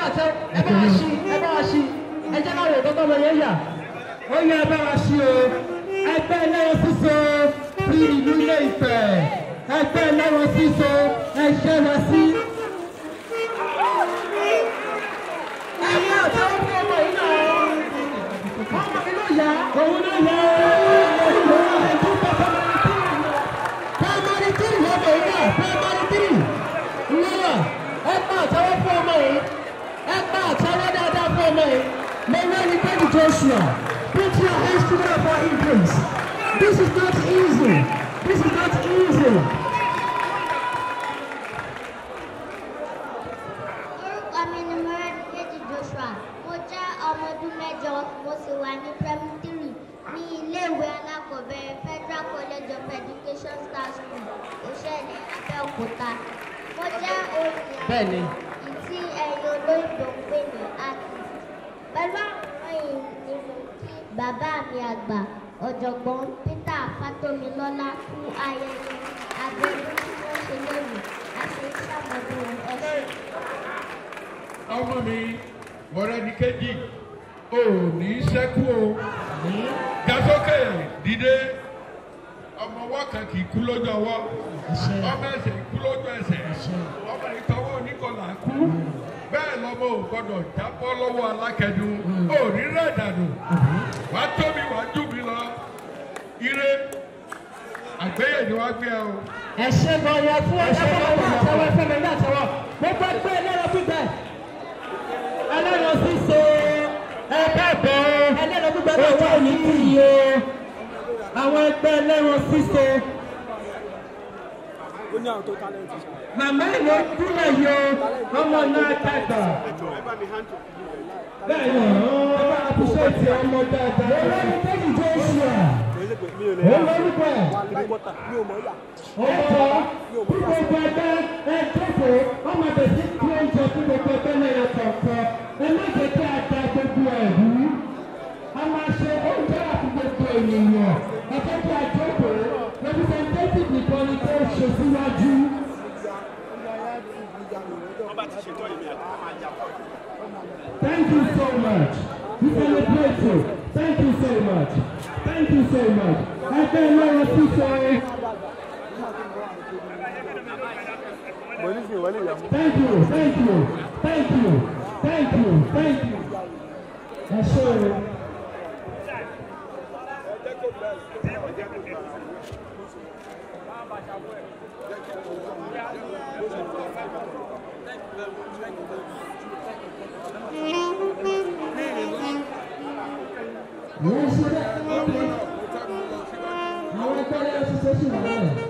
máa tẹ ẹ bá ṣí ẹ bá ṣí ẹ jẹ́ ká wòó tọ́tọ́ lóye yà ó yẹ ẹ bá wa ṣí o ẹgbẹ́ ẹlẹ́yẹ sísọ ti ìlú Ilé Ifẹ̀ ẹgbẹ́ ẹlẹ́yẹ sísọ ẹ ṣẹ́ wá sí. ẹ̀yin àtàwọn ọmọ yìí náà ọmọ mi ló yá òun ló yá. May name, Morelli Betty Joshua. Put your hands together for him, please. This is not easy. This is not easy. Orúkọ mi ni Morelli Betty Joshua. Mo jẹ́ ọmọ ọdún mẹ́jọ, mo sì wà ní pẹ́mítírì ní iléèwé Federal College of Education Star School, Òṣèlú Abẹ́òkúta. Mo jẹ́ olùyàwó ìtí ẹ̀yìn olóyìnbó pẹ̀lú bàbá mi àgbà ọ̀jọ̀gbọ́n Peter Fatoyinlọ́lá fún ayẹyẹ abẹ́rẹ́ tí wọ́n ṣe lẹ́yìn àṣeṣàmọ́dún ẹ̀ṣẹ̀. ọmọ mi Mọ́rẹ́níkẹ́jì ò ní ṣẹ́kù o gasókè dìde ọmọ ọwọ́ kan kì í kú lọ́jọ́ ọwọ́ ọmọ ẹsẹ̀ kú lọ́jọ́ ẹsẹ̀ ọmọ ìtọ́wọ́ oníkọlà kú bẹ́ẹ̀ lọ́mọ ò gbọ́dọ̀ jábọ́ lọ́wọ́ alákẹ́dùn òní rẹ̀ dànù wàá tóbi wàá jù mí lọ ire àgbéyẹ̀dì wá gbé ọ. ẹ ṣe bọ̀wọ̀ fún ẹgbẹ́ àtọwọ́ fẹ́mi ní àtọwọ́ gbogbo ẹgbẹ́ ẹlẹ́rọ gbígbẹ́ ẹlẹ́rọ sísè ẹgbẹ́ bọ̀ ẹlẹ́rọ gbígbẹ́ bọ̀ wọ́n ní kú yìí o àwọn ẹgbẹ́ ẹlẹ́rọ sísè màmá ló kúrò yìí o ọmọ náà tàgbà bẹ́ẹ̀ ni ọ̀hún àbúṣe ti ọmọ dáadáa olórí méjì tó ń ṣe à olórí bẹ́ẹ̀ ọmọ gbogbo ẹgbẹ́ ẹ jókòó ọmọ tẹ̀sí tí ó ń jẹ fún gbogbo ṣe síwájú. Thank you so much. You We celebrate you. Thank you so much. Thank you so much. Ẹgbẹ́ ìlọrin fífọ́. Thank you, thank you, thank you, thank you, thank you. Thank Thank you. you. Thank you Não é isso, não é isso. Não é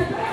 Amen.